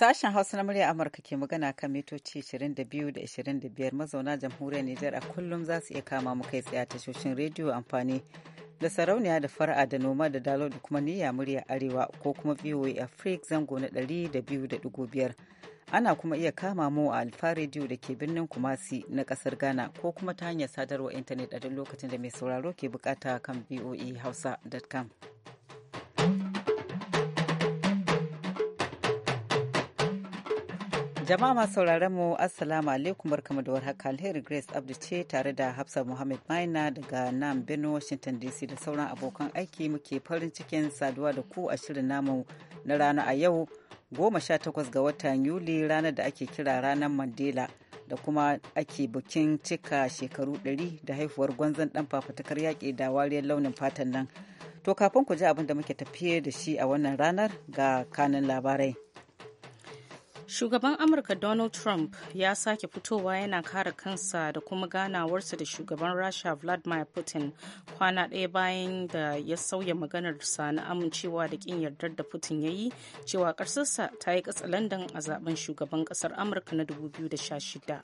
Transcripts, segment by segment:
Sashen Hausa na murya Amurka ke magana kan mitoci 22 da 25 mazauna jamhuriyar Nijar a kullum za su iya kama mu kai tsaye tashoshin rediyo amfani da sarauniya da fara'a da noma da dalo da kuma niyya murya arewa ko kuma VOA Africa zango na 200.5. Ana kuma iya kama mu a Alfa rediyo da ke birnin Kumasi na kasar Ghana ko kuma ta hanyar sadarwar intanet a duk lokacin da mai sauraro ke bukata kan voahausa.com. Jama'a masu sauraron mu Assalamu alaikum barkamu da warhaka Alheri Grace Abdu ce tare da Hafsa Muhammad Maina daga nan Benin Washington DC da sauran abokan aiki muke farin cikin saduwa da ku a shirin namu na rana a yau goma sha takwas ga watan Yuli ranar da ake kira ranar Mandela da kuma ake bikin cika shekaru 100 da haifuwar gwanzon dan fafatakar yaƙi da wariyar launin fatan nan. To kafin ku ji abin da muke tafiye da shi a wannan ranar ga kanin labarai. Shugaban Amurka Donald Trump ya sake fitowa yana kare kansa da kuma ganawarsa da shugaban Rasha Vladimir Putin kwana ɗaya bayan da ya sauya maganarsa na amincewa da ƙin yardar da Putin ya yi cewa ƙarsarsa ta yi ƙasa London a zaben shugaban ƙasar Amurka na 2016.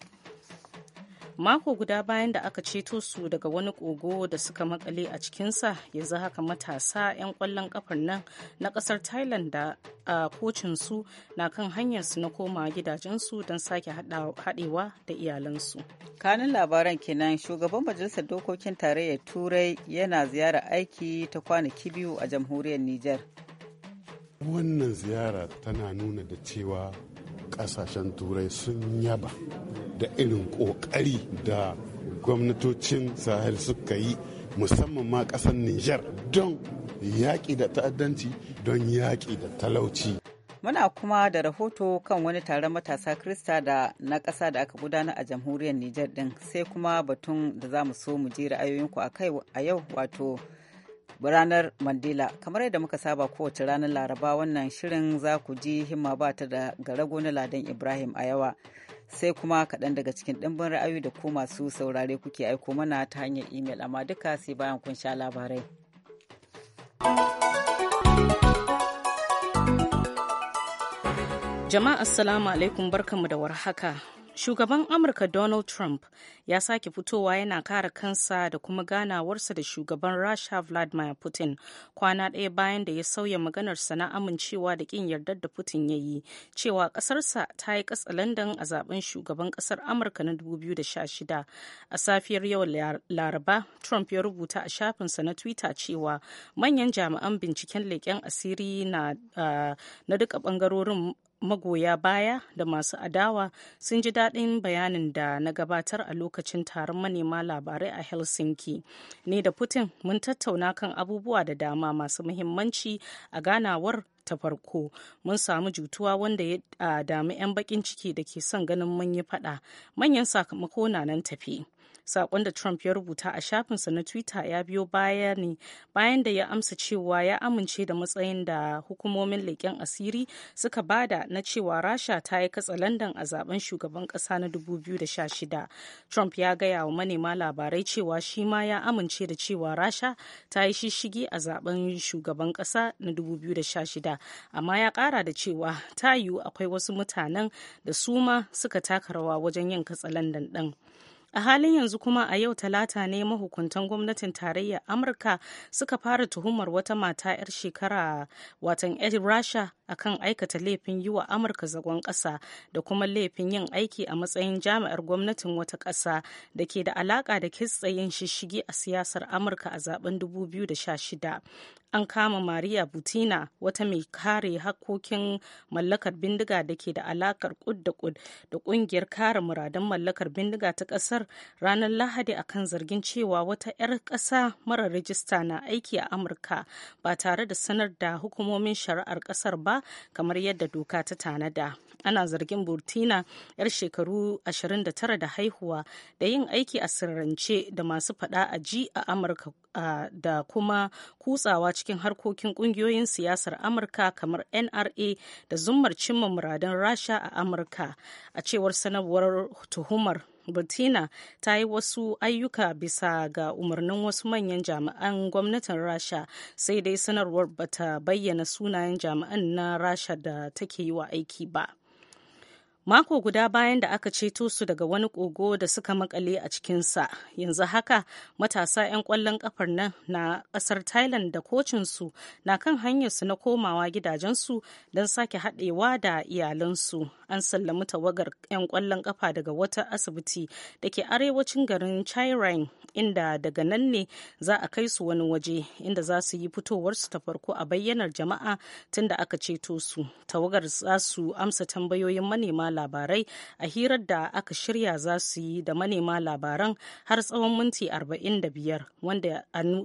mako guda bayan da aka ceto su daga wani kogo da suka makale a cikinsa yanzu haka matasa 'yan kwallon kafar nan na kasar thailand da a kocinsu na kan hanyarsu na koma gidajensu don sake haɗewa da iyalansu kanin labaran kenan shugaban majalisar dokokin tarayyar turai yana ziyara aiki ta kwanaki biyu a jamhuriyar niger wannan ziyara tana nuna da cewa ƙasashen turai sun yaba da irin kokari da gwamnatocin sahel suka yi musamman ma ƙasar Nijar don yaƙi da ta'addanci don yaƙi da talauci. Muna kuma da rahoto kan wani taron matasa Krista da na ƙasa da aka gudana a jamhuriyar niger ɗin sai kuma batun da za mu so mu ji ra'ayoyinku a kai a yau wato ranar Mandela. Kamar yadda muka saba kowace ranar Laraba wannan shirin za ku ji himma ba ta da garago na Ladan Ibrahim a yawa. sai kuma kaɗan daga cikin ɗimbin ra'ayi da ko masu saurare kuke aiko mana ta hanyar imel amma duka sai bayan kun sha labarai. Jama'a assalamu alaikum barkanmu da warhaka Shugaban Amurka Donald Trump ya sake fitowa yana kare kansa da kuma ganawarsa da shugaban Rasha Vladimir Putin kwana ɗaya bayan da ya sauya maganarsa na amincewa da ƙin yardar da Putin ya yi cewa ƙasarsa ta yi landan a zaben shugaban ƙasar Amurka na 2016. A safiyar yau Laraba, Trump ya rubuta a shafinsa na Twitter cewa manyan jami'an binciken leƙen asiri na, ah, duka ɓangarorin magoya baya da masu adawa sun ji daɗin bayanin da na gabatar a lokacin taron manema labarai a helsinki ne da putin mun tattauna kan abubuwa da dama masu muhimmanci a ganawar ta farko mun samu jutuwa wanda ya dami 'yan bakin ciki da ke son ganin mun yi fada manyan sakamako na nan tafi Sakon da Trump ya rubuta a shafinsa na Twitter ya biyo baya bayan da ya amsa cewa ya amince da matsayin da hukumomin leƙen asiri suka bada na cewa Rasha ta yi katsa katsalandan a zaben shugaban ƙasa na 2016. Trump ya gaya wa manema labarai cewa shi ma ya amince da cewa Rasha ta yi shishigi a zaben shugaban ƙasa na 2016 amma ya ƙara da cewa ta yiwu akwai wasu mutanen da suma suka taka rawa wajen yin katsa katsalandan ɗin. a halin yanzu kuma a yau talata ne mahukuntan gwamnatin tarayyar amurka suka fara tuhumar wata mata 'yar shekara watan rasha akan aikata laifin yi wa amurka zagon ƙasa da kuma laifin yin aiki a matsayin jami'ar gwamnatin wata ƙasa da ke da alaƙa da kitsayin shishigi a siyasar amurka a zaben 2016 an kama maria butina wata mai kare hakkokin mallakar bindiga da ke da alakar kud da kud da kungiyar kare muradan mallakar bindiga ta kasar ranar lahadi akan zargin cewa wata 'yar ƙasa mara rijista na aiki a amurka ba tare da sanar da hukumomin shari'ar ƙasar ba kamar yadda doka ta tanada. ana zargin burtina yar shekaru 29 da haihuwa da yin aiki a sirrance da masu fada a ji a amurka da kuma kutsawa cikin harkokin kungiyoyin siyasar amurka kamar nra da zumar cimma muradan rasha a amurka a cewar sanarwar tuhumar burtina ta yi wasu ayyuka bisa ga umarnin wasu manyan jami'an gwamnatin rasha sai dai sanarwar bata bayyana sunayen jami'an na rasha da take yi wa aiki ba mako guda bayan da aka ceto su daga wani kogo da suka makale a cikinsa yanzu haka matasa 'yan kwallon kafar nan na kasar thailand da kocinsu na kan hanyarsu na komawa gidajensu don sake haɗewa da iyalansu an sallami tawagar 'yan kwallon kafa daga wata asibiti da ke arewacin garin chirin inda daga nan ne za a kai su wani waje inda za su yi fitowarsu ta farko a bayyanar jama'a tunda aka ceto su tawagar za su amsa tambayoyin manema labarai a hirar da aka shirya za su yi da manema labaran har tsawon minti 45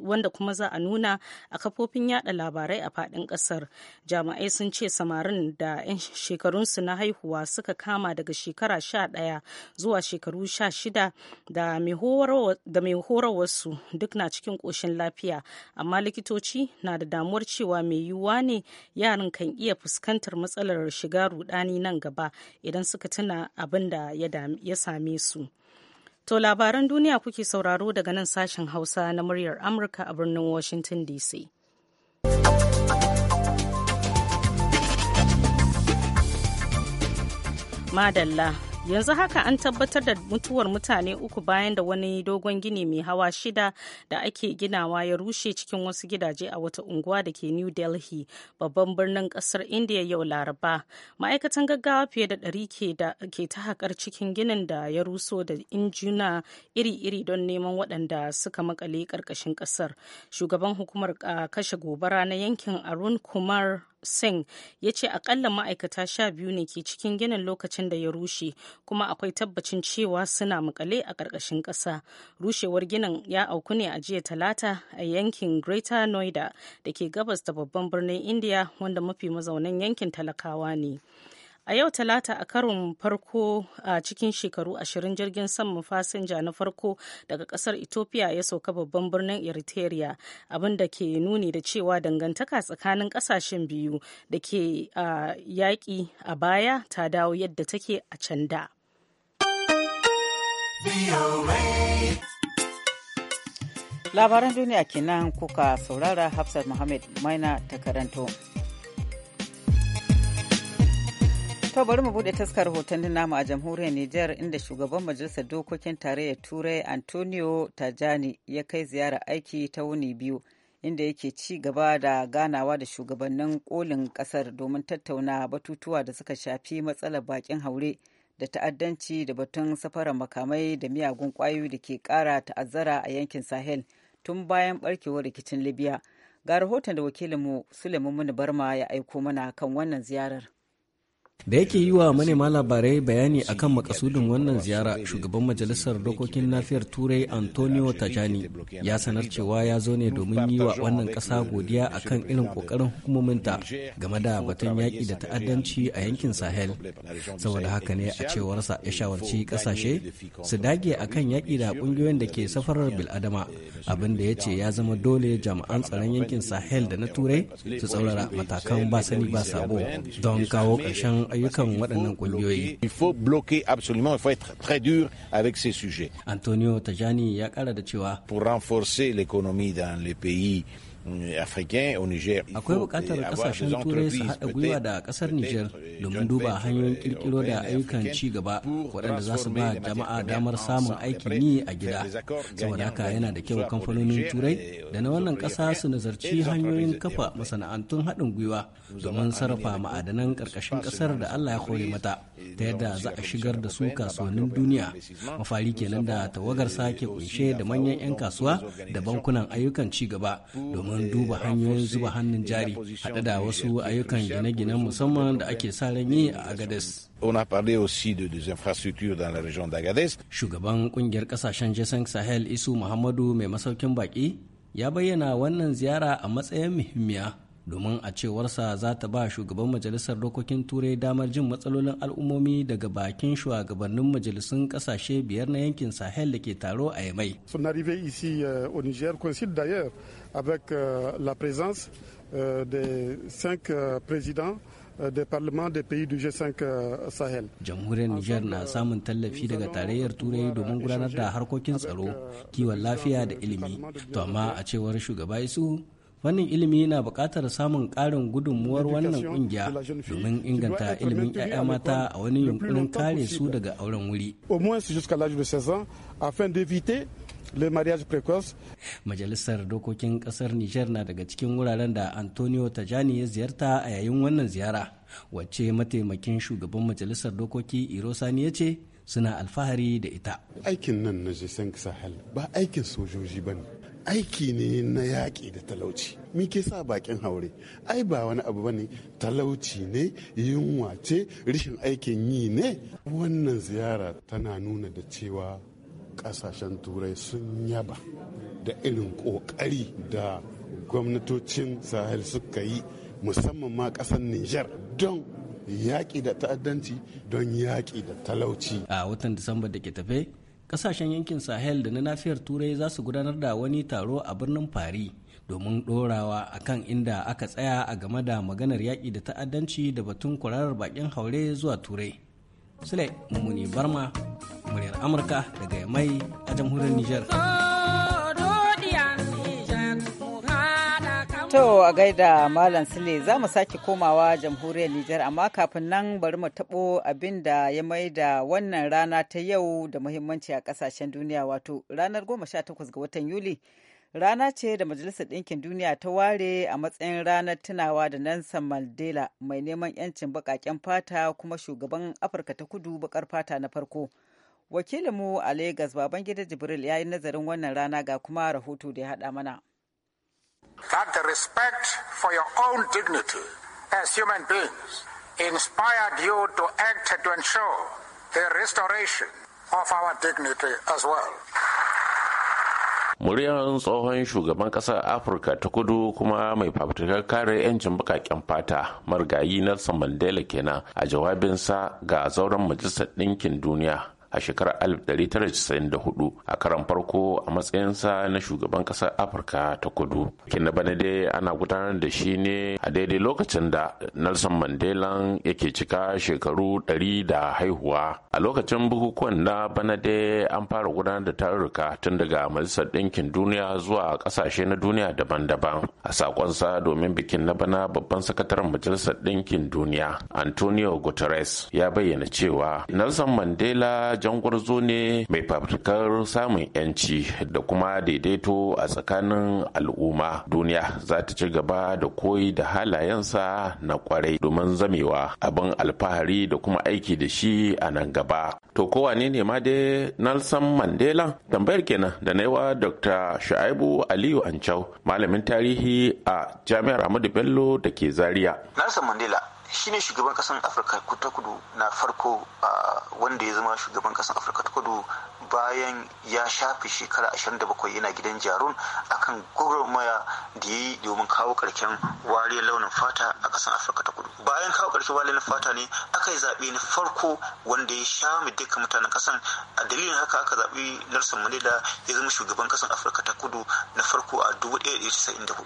wanda kuma za a nuna a kafofin yada labarai a fadin kasar Jami'ai sun ce samarin da 'yan shekarunsu na haihuwa suka kama daga shekara 11 zuwa shekaru 16 da mai horarwarsu duk na cikin ƙoshin lafiya amma likitoci na da damuwar cewa mai yiwuwa ne yaran kan iya fuskantar matsalar shiga rudani nan gaba idan idan suka tuna abin da ya same su. To labaran duniya kuke sauraro daga nan sashen Hausa na muryar Amurka a birnin Washington DC. Madalla yanzu haka an tabbatar da mutuwar mutane uku bayan da wani dogon gini mai hawa shida da ake ginawa ya rushe cikin wasu gidaje a wata unguwa da ke new delhi babban birnin kasar india yau laraba ma'aikatan gaggawa fiye da ɗari ke ta haƙar cikin ginin da ya ruso da injuna iri-iri don neman waɗanda suka makale ƙarƙashin ƙasar shugaban hukumar kashe gobara na yankin arun kumar Singh ya ce akalla ma'aikata sha biyu ne ke cikin ginin lokacin da ya rushe kuma akwai tabbacin cewa suna makale a ƙarƙashin ƙasa. Rushewar ginin ya auku ne a jiya talata a yankin Greater Noida da ke gabas da babban birnin India wanda mafi mazaunan yankin talakawa ne. a yau talata a karon farko a cikin shekaru ashirin jirgin saman fasinja na farko daga kasar ethiopia ya sauka babban birnin eritrea abin da ke nuni da cewa dangantaka tsakanin kasashen biyu da ke yaƙi a baya ta dawo yadda take a can da labaran duniya kenan kuka saurara hafsat muhammad maina ta karanto To bari mu bude taskar hoton namu a jamhuriyar Nijar inda shugaban majalisar dokokin tarayyar Turai Antonio Tajani ya kai ziyara aiki ta wuni biyu inda yake ci gaba da ganawa da shugabannin kolin kasar domin tattauna batutuwa da suka shafi matsalar bakin haure da ta'addanci da batun safarar makamai da miyagun kwayoyi da ke kara ta'azzara a yankin Sahel tun bayan barkewar rikicin Libya. Ga rahoton da wakilinmu Suleiman Barma ya aiko mana kan wannan ziyarar. da yake yi wa manema labarai bayani akan makasudin wannan ziyara shugaban majalisar dokokin nafiyar turai antonio tajani ya sanar cewa ya zo ne domin yi wa wannan ƙasa godiya akan irin ƙoƙarin hukumominta game da batun yaƙi da ta'addanci a yankin sahel saboda haka ne a cewarsa ya shawarci kasashe su dage a kan yaƙi da ƙungiyoyin da ke safarar biladama abin da ya ce ya zama dole jami'an tsaron yankin sahel da na turai su tsaurara matakan ba sani ba sabo don kawo ƙarshen ayyukan waɗannan ƙungiyoyi. Antonio Tajani ya ƙara da cewa. Pour renforcer l'économie dans les pays euh, Akwai bukatar kasashen turai su haɗa gwiwa da ƙasar Niger euh, domin duba hanyoyin euh, ƙirƙiro da ayyukan ci gaba waɗanda za su ba jama'a damar samun aikin yi a gida. Saboda haka yana da kyau kamfanonin turai da na wannan ƙasa su nazarci hanyoyin kafa masana'antun haɗin gwiwa domin sarrafa ma'adanan ƙarƙashin ƙasar da Allah ya kori mata ta yadda za a shigar da su kasuwannin duniya mafari kenan da tawagar sake kunshe da manyan 'yan kasuwa da bankunan ayyukan ci gaba domin duba hanyoyin zuba hannun jari haɗe da wasu ayyukan gine-ginen musamman da ake sa ran yi a Agades. On a parlé aussi de des infrastructures dans la région d'Agadez. Shugaban kungiyar kasashen Jason Sahel Isu Muhammadu mai masaukin baki ya bayyana wannan ziyara a matsayin muhimmiya domin a cewarsa za ta ba shugaban majalisar dokokin turai damar jin matsalolin al'ummomi daga bakin shugabannin majalisun kasashe biyar na yankin sahel da ke taro a yamai son ici euh, au niger euh, Jamhuriyar Nijar na euh, samun tallafi daga tarayyar Turai domin gudanar da harkokin tsaro, kiwon lafiya da ilimi. To amma a cewar shugaba Isu fannin ilimi na bukatar samun karin gudunmuwar wannan ƙungiya domin inganta ilimin 'ya'ya mata a wani yunkurin kare su daga auren wuri. Majalisar Dokokin Kasar Nijar na daga cikin wuraren da Antonio Tajani ya ziyarta a yayin wannan ziyara, wacce mataimakin shugaban Majalisar Dokoki Irosani ya ce suna alfahari da ita. Aikin nan na Jason Sahel ba aikin sojoji ba ne. aiki ne na yaƙi da talauci mi ke sa bakin haure ai ba wani abu bane talauci ne yunwa ce rishin aikin yi ne wannan ziyara tana nuna da cewa ƙasashen turai sun yaba da irin ƙoƙari da gwamnatocin sahel suka yi musamman ma ƙasar niger don yaƙi da ta'addanci don yaƙi da talauci a watan disamba da ke tafe kasashen yankin sahel da na nafiyar turai za su gudanar da wani taro a birnin fari domin dorawa kan inda aka tsaya a game da maganar yaƙi da ta'addanci da batun kwararar bakin haure zuwa turai sule mummuni barma muryar amurka daga mai a jamhuriyar niger To a gaida Malam Sule za mu sake komawa jamhuriyar Nijar amma kafin nan bari mu taɓo abin da ya mai da wannan rana ta yau da muhimmanci a ƙasashen duniya wato ranar 18 ga watan Yuli. Rana ce da Majalisar Ɗinkin Duniya ta ware a matsayin ranar tunawa da Nelson Mandela mai neman 'yancin baƙaƙen fata kuma shugaban Afirka ta kudu baƙar fata na farko. Wakilinmu a Legas Babangida Jibril ya yi nazarin wannan rana ga kuma rahoto da ya haɗa mana. that the respect for your own dignity as human beings inspired you to act to ensure the restoration of our dignity as well. muryar tsohon shugaban kasar afirka ta kudu kuma mai fafutukar kare 'yancin bakaken fata marigayi nelson mandela kenan a jawabinsa ga zauren majalisar ɗinkin duniya a shekarar 1994 a karan farko a matsayinsa na shugaban ƙasar afirka ta kudu Bikin na bana dai ana gudanar da shi ne a daidai lokacin da nelson mandela yake cika shekaru 100 da haihuwa a lokacin bukukuwan na bana dai an fara gudanar da tarurruka tun daga majalisar ɗinkin duniya zuwa ƙasashe na duniya daban-daban a sakonsa domin bikin na bana babban sakataren majalisar ɗinkin duniya antonio guterres ya bayyana cewa nelson mandela jangwarzo ne mai fafutukar samun 'yanci da kuma daidaito a tsakanin al'umma duniya za ta ci gaba da koyi da halayensa na kwarai domin zamewa abin alfahari da kuma aiki da shi a nan gaba to kowane ne ma dai nelson mandela tambayar kenan da na yawa dr sha'ibu aliyu ancau malamin tarihi a jami'ar ahmadu bello da ke zaria nelson mandela shine shugaban kasan afirka ta kudu na farko wanda ya zama shugaban kasan afirka ta kudu bayan ya shafi shekara 27 yana gidan jarun akan gwagwarmaya da ya yi domin kawo karken wariyar launin fata a kasan afirka ta bayan kawo ƙarshe walin fata ne aka yi zaɓe na farko wanda ya sha mu dukkan mutanen ƙasan a dalilin haka aka zaɓi Nelson Mandela ya zama shugaban ƙasan Afirka ta Kudu na farko a 1994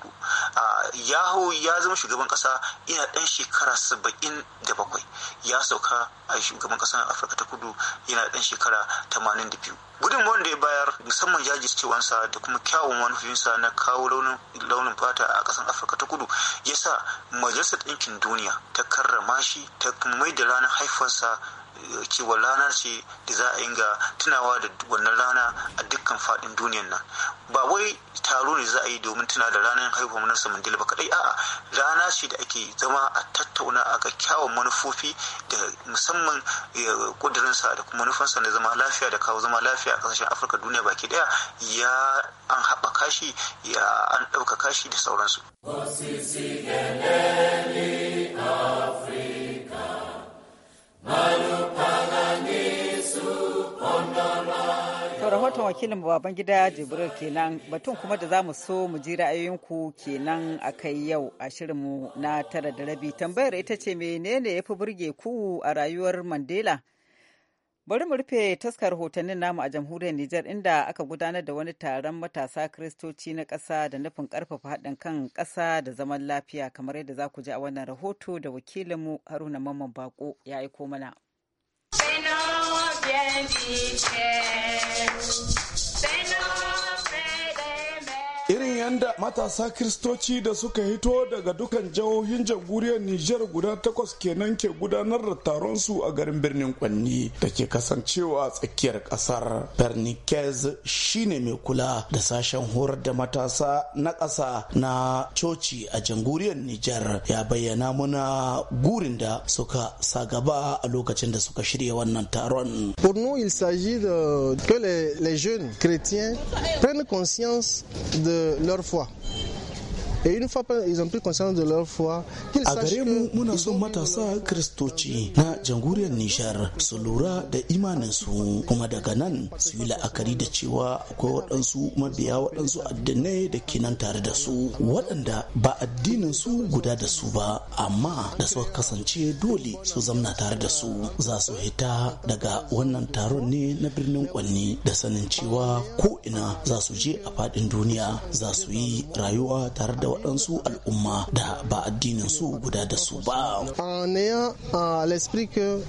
yaho ya zama shugaban ƙasa ina ɗan shekara saba'in da ya sauka a shugaban ƙasan Afirka ta Kudu yana ɗan shekara tamanin da biyu da ya bayar musamman jajircewansa da kuma kyawun manufinsa na kawo launin fata a ƙasar afirka ta kudu ya sa majalisar ɗinkin duniya ta karrama shi ta mai da ranar haifarsa cewa rana ce da za a inga tunawa da wannan rana a dukkan faɗin duniyan nan ba wai taro ne za a yi domin tuna da ranar haihuwar Nelson Mandela ba kadai a'a rana ce da ake zama a tattauna a ga kyawun manufofi da musamman kudurinsa da kuma manufansa na zama lafiya da kawo zama lafiya a kasashen Afirka duniya baki daya ya an haɓaka shi ya an ɗaukaka shi da sauransu. rahoton wakilin baban gida Jibril kenan batun kuma da za mu so mu ji ra'ayoyinku kenan a kai yau a shirinmu na tara da rabi tambayar ita ce menene ya fi burge ku a rayuwar Mandela? Bari mu rufe taskar hotonnin namu a jamhuriyar Nijar inda aka gudanar da wani taron matasa Kiristoci na ƙasa da nufin ƙarfafa haɗin kan ƙasa da zaman lafiya kamar yadda za ku ji a wannan rahoto da wakilinmu Haruna Mamman Bako ya aiko mana. irin yanda matasa kiristoci da suka hito daga dukan jihohin jamhuriyar Nijar guda takwas kenan ke gudanar da taron su a garin birnin Kwanni da ke kasancewa a tsakiyar kasar. Bernikez shine mai kula da sashen horar da matasa na ƙasa na coci a jamhuriyar Nijar ya bayyana muna gurin da suka sa gaba a lokacin da suka shirya wannan taron. Pour nous, il s'agit de que les, les jeunes chrétiens prennent conscience de leur foi. Et une fois ont conscience de leur foi, qu'ils sachent que mu muna son matasa kristoci na jamhuriyar Nijar su lura da imaninsu kuma daga nan su yi la'akari da cewa akwai waɗansu mabiya waɗansu addinai da ke nan tare da su waɗanda ba addinin su guda da su ba amma da suka kasance dole su zamna tare da su za su hita daga wannan taron ne na birnin kwanni da sanin cewa ko ina za su je a faɗin duniya za su yi rayuwa tare da waɗansu al'umma da ba addinin su guda da su ba. En ayant euh, à l'esprit que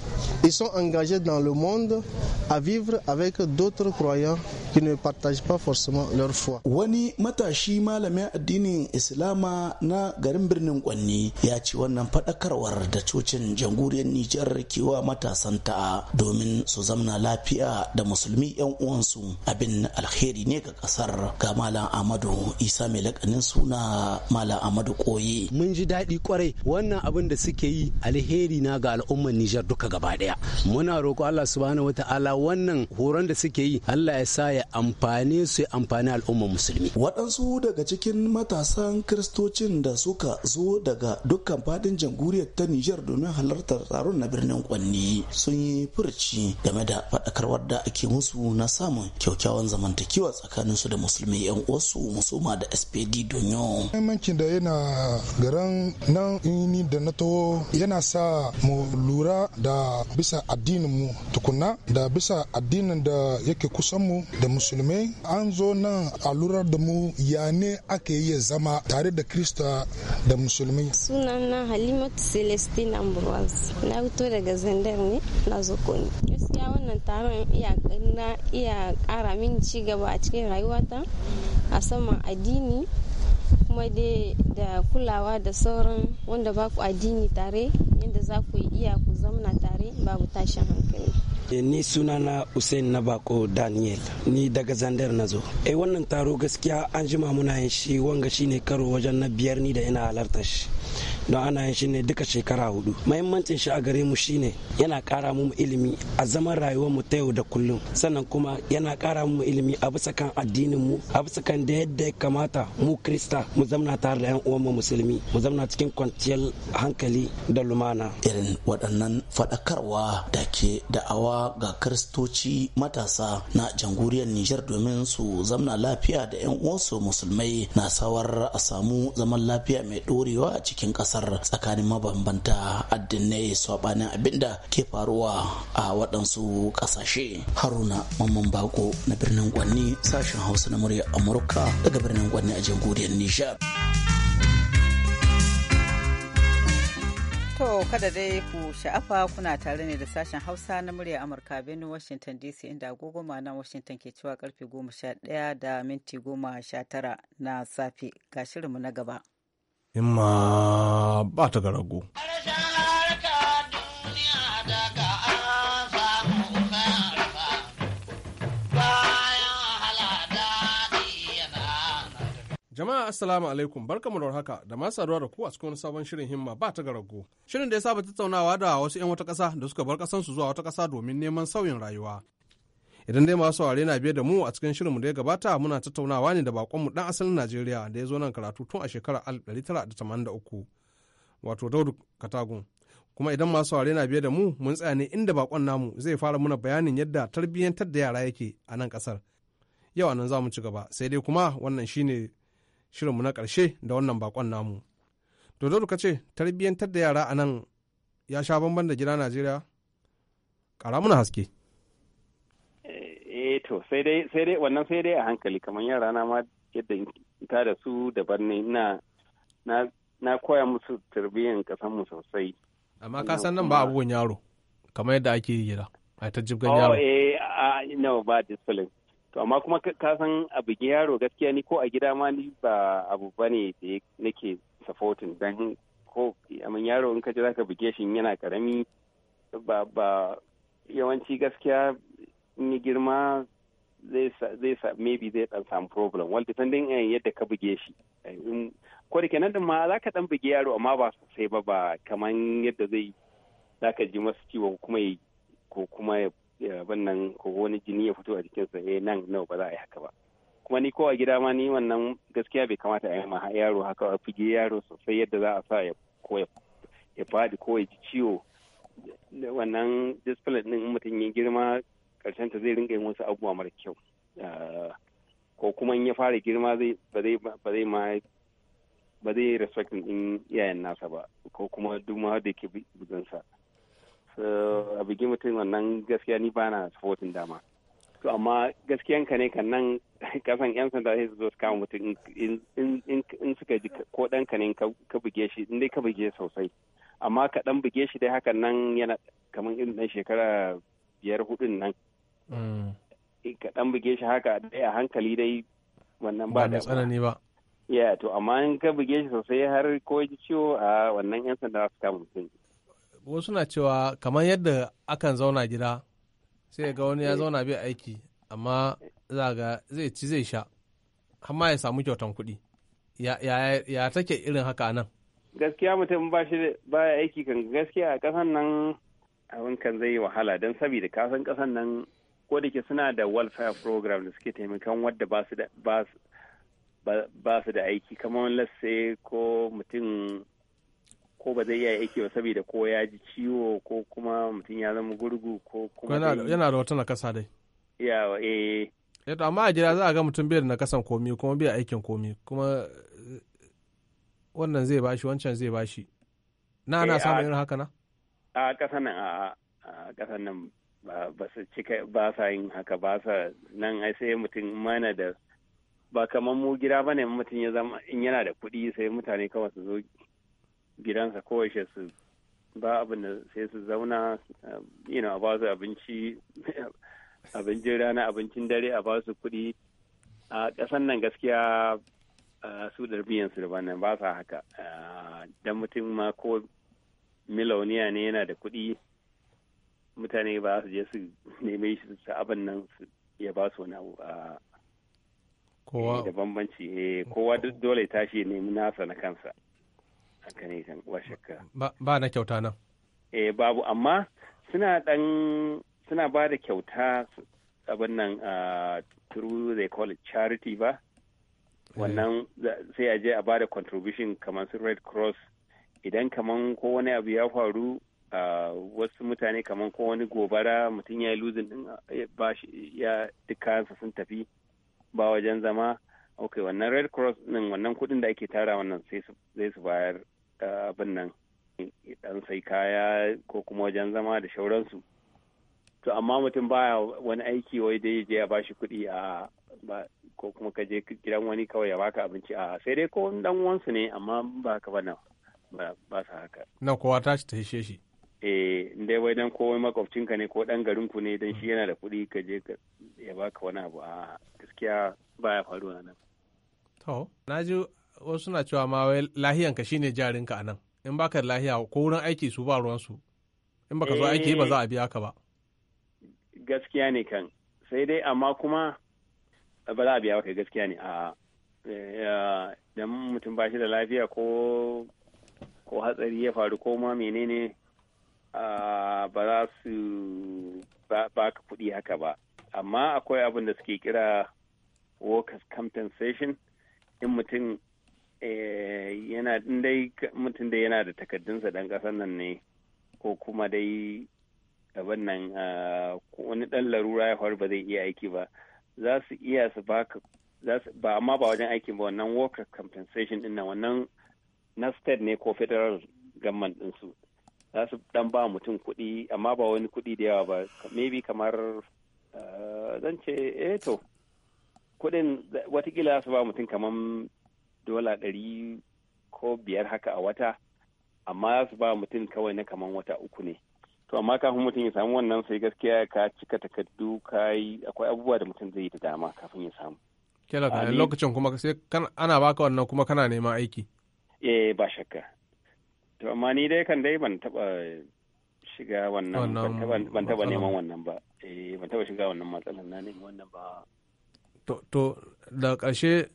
ils sont engagés dans le monde à vivre avec d'autres croyants qui ne partagent pas forcément leur foi. Wani matashi malamin addinin Islama na garin birnin Kwanni ya ci wannan faɗakarwar da cocin jamhuriyar Nijar ke wa matasanta domin su zamna lafiya da musulmi 'yan uwansu abin alheri ne ga ƙasar ga Malam Amadu Isa mai lakanin suna mala Amadu Koye. Mun ji daɗi kwarai wannan abin da suke yi alheri na ga al'ummar Nijar duka gaba ɗaya. Muna roƙo Allah subhanahu wataala wannan horon da suke yi Allah ya sa ya amfane su ya amfani al'ummar musulmi. Waɗansu daga cikin matasan kiristocin da suka zo daga dukkan faɗin jamhuriyar ta Nijar domin halartar taron na birnin Kwanni sun yi furci game da faɗakarwar da ake musu na samun kyaukyawan zamantakewa tsakanin su da musulmi 'yan uwarsu musoma da SPD Donyon. muhimmancin da yana garan nan ini da na taho yana sa mu lura da bisa addinin mu tukuna da bisa addinin da yake kusan mu da musulmai an zo nan a lura da mu ya ne ake yi zama tare da krista da musulmai na halimatu celestine ambrose na fito daga zandar ne na zokoni gaskiya wannan taron iya ƙara min ci gaba a cikin rayuwata a saman addini kuma dai da kulawa da sauran wanda ba ku addini tare yadda za ku iya ku zamna tare babu tashin hankali eh, ni sunana Usain na bako Daniel ni daga Zandar na zo. Eh wannan taro gaskiya an jima muna yin shi wanga shine karo wajen na biyar ni da ina halarta shi. don ana yin shi ne duka shekara hudu mahimmancin shi a gare mu shine yana kara mu ilimi a zaman rayuwar mu ta yau da kullum sannan kuma yana kara mu ilimi a bisa kan addinin mu a bisa kan da yadda ya kamata mu krista mu zamna tare da yan uwan mu musulmi mu zamna cikin kwanciyar hankali da lumana irin waɗannan faɗakarwa da ke da'awa ga kristoci matasa na jamhuriyar Nijar domin su zamna lafiya da yan uwansu musulmai na sawar a samu zaman lafiya mai ɗorewa a cikin ƙasa kasar tsakanin mabambanta addinai saɓanin abinda ke faruwa a waɗansu ƙasashe haruna mamman bako na birnin gwanni sashen hausa na murya amurka daga birnin gwanni a jamhuriyar nijar To kada dai ku sha'afa kuna tare ne da sashen Hausa na murya Amurka birnin Washington DC inda agogo na Washington ke cewa karfe 11 da minti 19 na safe ga shirinmu na gaba. himma ba ta ga rago. Jama'a Assalamu alaikum barkamu da haka da masu saduwa da ku a cikin sabon shirin himma ba ta garago. Shirin da ya saba tattaunawa da wasu 'yan wata ƙasa da suka bar ƙasansu zuwa wata ƙasa domin neman sauyin rayuwa idan dai masu saurare na biye da mu a cikin shirinmu da ya gabata muna tattaunawa ne da mu dan asalin najeriya da ya zo nan karatu tun a shekarar 1983 wato daudu katagun kuma idan masu saurare na biye da mu mun tsaya ne inda bakon namu zai fara muna bayanin yadda tarbiyyantar da yara yake a nan kasar yau anan za mu ci gaba sai dai kuma wannan shine mu na karshe da wannan bakon namu to daudu ka ce tarbiyyantar da yara a nan ya sha bamban da gida najeriya ƙara muna haske to sai dai sai dai wannan sai dai a hankali kamar yara na ma yadda ta da su daban ne na na koya musu tarbiyyar kasan mu sosai amma ka san nan ba abubuwan yaro kamar yadda ake yi gida a ta jibgan oh, yaro oh eh no ba discipline to amma kuma ka san abu yaro gaskiya ni ko a gida ma ni ba abu bane da nake supporting dan ko amma yaro in ka ji zaka buge shi yana karami ba ba yawanci gaskiya ni girma zai sa maybe zai dan samu problem well depending on yadda ka buge shi eh, ko da kenan ma za ka dan buge yaro amma ba sosai ba ba kaman yadda zai za ka ji masu ciwo kuma ya ko kuma ya nan ko wani jini ya fito a jikinsa eh nan nawa ba za a yi haka ba kuma ni kowa gida ma ni wannan gaskiya bai kamata a yi ma yaro haka a buge yaro sosai yadda za a sa ya ko ya fadi ko ya ji ciwo wannan discipline din mutum ya girma karshen ta zai ringa yin wasu abubuwa mara kyau ah, ko kuma in ya fara girma ba zai ma ba zai respectin in iyayen nasa ba ko kuma duk ma da ke bugansa so a bigi mutum wannan gaskiya ni ba na supportin dama to amma gaskiyan ka ne kan nan kasan yan sanda sai su zo su kama mutum in suka ji ko dan ka ne ka buge shi in dai ka buge sosai amma ka dan buge shi dai hakan nan yana kamar irin dan shekara biyar hudun nan Eh, ka dan buge shi haka dai a hankali dai wannan ba da tsanani ba ya to amma in ka buge shi sosai har ko ji ciwo a wannan yan sanda su kama mutum wasu na cewa kamar yadda akan zauna gida sai ga wani ya eh. zauna bai aiki amma za ga zai ci zai sha amma ya samu kyautan kuɗi ya take irin haka nan gaskiya mutum ba shi baya aiki kan gaskiya a ƙasan nan abin kan zai yi wahala don sabida kasan ƙasan nan ko da ke suna da welfare program da suke taimakon wadda ba su da ba su da aiki kamar lasse ko mutum ko ba zai iya aiki ba saboda ko ya ji ciwo ko kuma mutum ya zama gurgu ko kuma yana da wata nakasa dai yawa eh yato eh amma a gida za a ga mutum bai da nakasan komi kuma bai aikin komi kuma wannan zai bashi wancan zai bashi na ana eh, samun irin haka na a kasan nan a ƙasa nan ba su cika ba sa yin haka ba sa nan ai sai mutum mana da ba kamar mu gida bane mutum ya zama in yana da kuɗi sai mutane kawai su zo gidansa kowace su ba abin da sai su zauna eh, you know a ba su abinci abincin rana abincin dare a ba su kuɗi a ƙasan nan gaskiya eh, su da biyan su da ba sa haka eh, dan mutum ma ko miloniya ne yana da kuɗi mutane ba su je su neme shi su abin nan su iya ba su wani abu a kowa da bambanci eh kowa duk dole tashi nemi nasa na kansa haka ne kan shakka ba na kyauta nan eh babu amma suna dan suna ba da kyauta abin nan a ah, through they call it charity ba eh. wannan sai a je a ba da contribution kamar su red cross idan kamar ko wani abu ya faru wasu mutane kamar ko wani gobara mutum ya yi luzin din ba ya kayansa sun tafi ba wajen zama ok wannan red cross din wannan kudin da ake tara wannan sai su bayar abin nan dan sai kaya ko kuma wajen zama da shauransu to amma mutum baya wani aiki wai dai je ya bashi kuɗi a ko kuma ka je gidan wani kawai ya baka abinci a sai dai ko dan wansu ne amma ba ka ba ba sa haka na kowa tashi ta shi eh dai wai dan kowai makwabcinka ne ko dan garinku ne dan shi yana da kuɗi ka je ya baka wani abu a gaskiya baya faruwa nan to na ji wasu suna cewa ma wai lahiyanka shine jarinka a nan in baka da lahiya ko wurin aiki su ba ruwansu in baka zo aiki ba za a biya ka ba eh, gaskiya ne kan sai dai amma kuma ba za a biya ka gaskiya ne a eh, dan mutum ba shi da lafiya ko ko hatsari ya faru ko ma menene ba za su baka kuɗi haka ba amma akwai abin da suke kira workers compensation in mutum eh, yana dai mutum da yana da takardunsa dan ƙasar nan ne ko kuma dai abin nan wani ɗan larura ya faru ba zai iya aiki ba za su iya su baka ba amma ba wajen aiki ba wannan worker compensation din nan wannan na state ne ko federal government din su za su dan ba mutum kuɗi amma ba wani kuɗi da yawa ba maybe kamar eh, zan ce eh to kuɗin watakila za su ba mutum kamar dola ɗari ko biyar haka a wata amma za su ba mutum kawai na kamar wata uku ne to amma kafin mutum ya samu wannan sai gaskiya ka cika takardu ka yi akwai abubuwa da mutum zai yi da dama kafin ya samu kela lokacin kuma sai ana baka wannan kuma kana neman aiki eh ba shakka to amma ni dai kan dai ban taba shiga wannan ban taba neman wannan ba eh ban taba shiga wannan matsalar na neman wannan ba to to da ƙarshe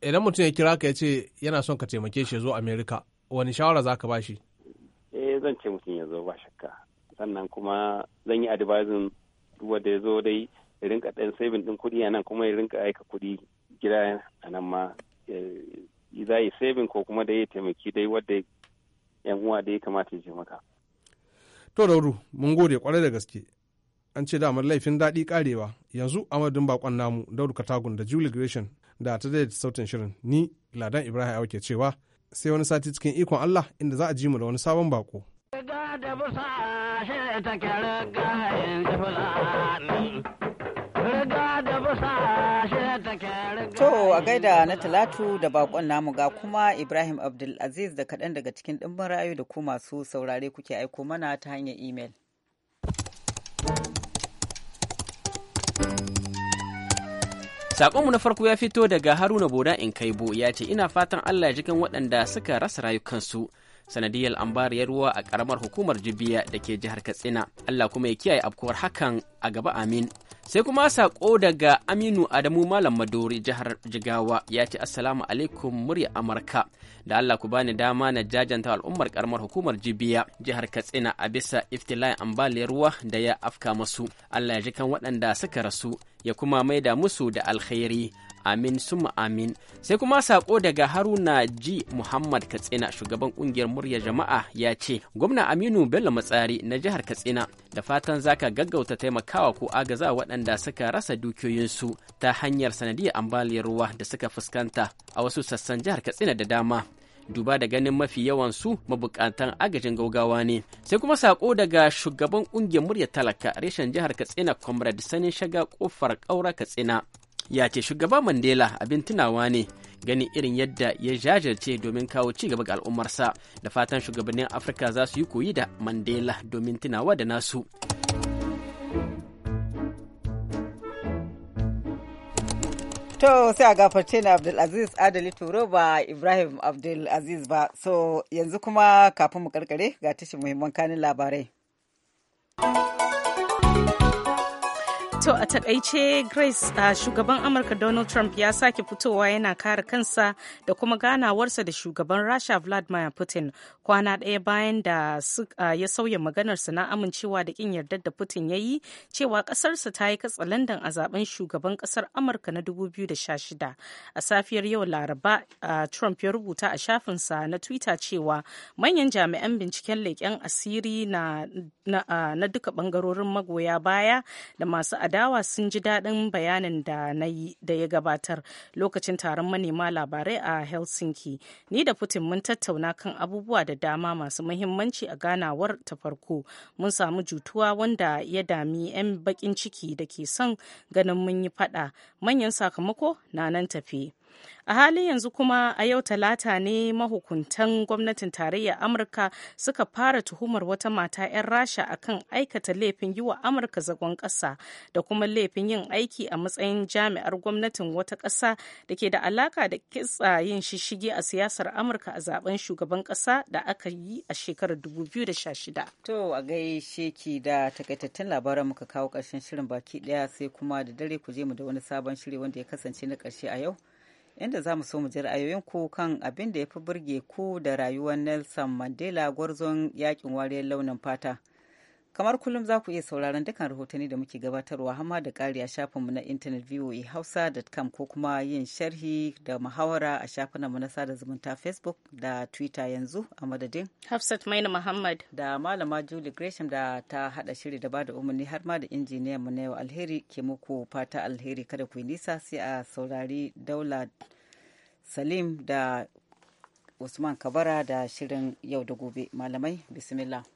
idan mutum ya kira ka ya ce yana son ka taimake shi ya zo america wani shawara za ka ba shi eh zan ce mutum ya zo ba shakka sannan kuma zan yi advising duk wanda ya zo dai ya rinka ɗan saving ɗin kuɗi a nan kuma ya rinka aika kuɗi gida a nan ma eh, za yi saving ko kuma dai ya taimaki dai wadda yan uwa da ya kamata ya maka to dauru mun gode kwarai da gaske an ce damar laifin daɗi karewa yanzu amadin bakon namu daudu katagun da julie gresham da ta daidaita sautin shirin ni ladan ibrahim ke cewa sai wani sati cikin ikon allah inda za a ji mu da wani sabon bako da busa To a gaida na Talatu da bakon namu ga kuma Ibrahim Abdulaziz da kaɗan daga cikin ɗimbin rayu da ku masu saurare kuke aiko mana ta hanyar imel. Sakonmu na farko ya fito daga Haruna Boda in kai bo ya ce ina fatan Allah ya jikan waɗanda suka rasa rayukansu sanadiyar ambariyar ruwa a ƙaramar hukumar Jibiya da ke jihar Katsina. Allah kuma ya kiyaye afkuwar hakan a gaba amin. sai kuma sako daga aminu adamu malam madori jihar jigawa ya ce assalamu alaikum murya amurka da allah ku bani dama na jajanta al'ummar karamar hukumar jibiya jihar katsina a bisa iftila'in ambaliyar ruwa da ya afka masu allah ya ji kan waɗanda suka rasu ya kuma maida musu da alkhairi amin suma amin sai kuma sako daga haruna ji muhammad katsina shugaban kungiyar murya jama'a ya ce gwamna aminu bello matsari na jihar katsina da fatan zaka gaggauta taimakawa ko agaza waɗanda suka rasa dukiyoyinsu ta hanyar sanadiyar ambaliyar ruwa da suka fuskanta a wasu sassan jihar katsina da dama duba da ganin mafi yawan su mabukatan agajin gaugawa ne sai kuma sako daga shugaban kungiyar murya talaka reshen jihar katsina comrade sanin shaga kofar kaura katsina ya ce shugaba mandela abin tunawa ne gani irin yadda ya jajirce domin kawo ci gaba ga al'ummarsa da fatan shugabannin afirka za su yi koyi da mandela domin tunawa da nasu To sai a gafarce na Abdulaziz Adali Turo ba Ibrahim Abdulaziz ba. So yanzu kuma kafin mu karkare ga tashin muhimman kanin labarai. To a takaice Grace uh, shugaban Amurka Donald Trump ya sake fitowa yana kare kansa da kuma ganawarsa da shugaban Rasha Vladimir Putin kwana ɗaya bayan da uh, ya sauya maganarsa na amincewa da kin yardar da Putin ya yi cewa ƙasarsa ta yi katsalandan a zaben shugaban ƙasar Amurka na 2016. A safiyar yau Laraba uh, Trump ya rubuta a shafinsa na Twitter cewa manyan jami'an binciken leƙen asiri na, na, na duka ɓangarorin magoya baya da masu adawa sun ji daɗin bayanin da na yi da ya gabatar lokacin taron manema labarai a helsinki ni da putin mun tattauna kan abubuwa da dama masu muhimmanci a ganawar ta farko mun samu jutuwa wanda ya dami 'yan bakin ciki da ke son ganin mun yi fada manyan sakamako na nan tafi a halin yanzu kuma a yau talata ne mahukuntan gwamnatin tarayyar amurka suka fara tuhumar wata mata 'yan rasha akan aikata laifin yi wa amurka zagon ƙasa da kuma laifin yin aiki a matsayin jami'ar gwamnatin wata ƙasa da ke da alaka da kitsa yin shishige a siyasar amurka a zaben shugaban ƙasa da aka yi a shekarar 2016 to a gaishe da takaitattun labaran muka kawo ƙarshen shirin baki ɗaya sai kuma da dare ku je mu da wani sabon shiri wanda ya kasance na ƙarshe a yau inda za mu so mu ji ra'ayoyinku kan abin da ya fi burge ku da rayuwar Nelson Mandela gwarzon yakin wariyar launin fata. kamar kullum za ku iya sauraron dukkan rahotanni da muke gabatarwa hama da kari a shafinmu na intanet e-hausa.com ko kuma yin sharhi da muhawara a shafinmu na sada zumunta facebook da twitter yanzu a madadin hafsat maina muhammad da malama juli gresham da ta hada shiri da bada umarni har ma da injiniyan mu na yau alheri ke muku fata alheri kada ku yi nisa sai a saurari daula salim da usman kabara da shirin yau da gobe malamai bismillah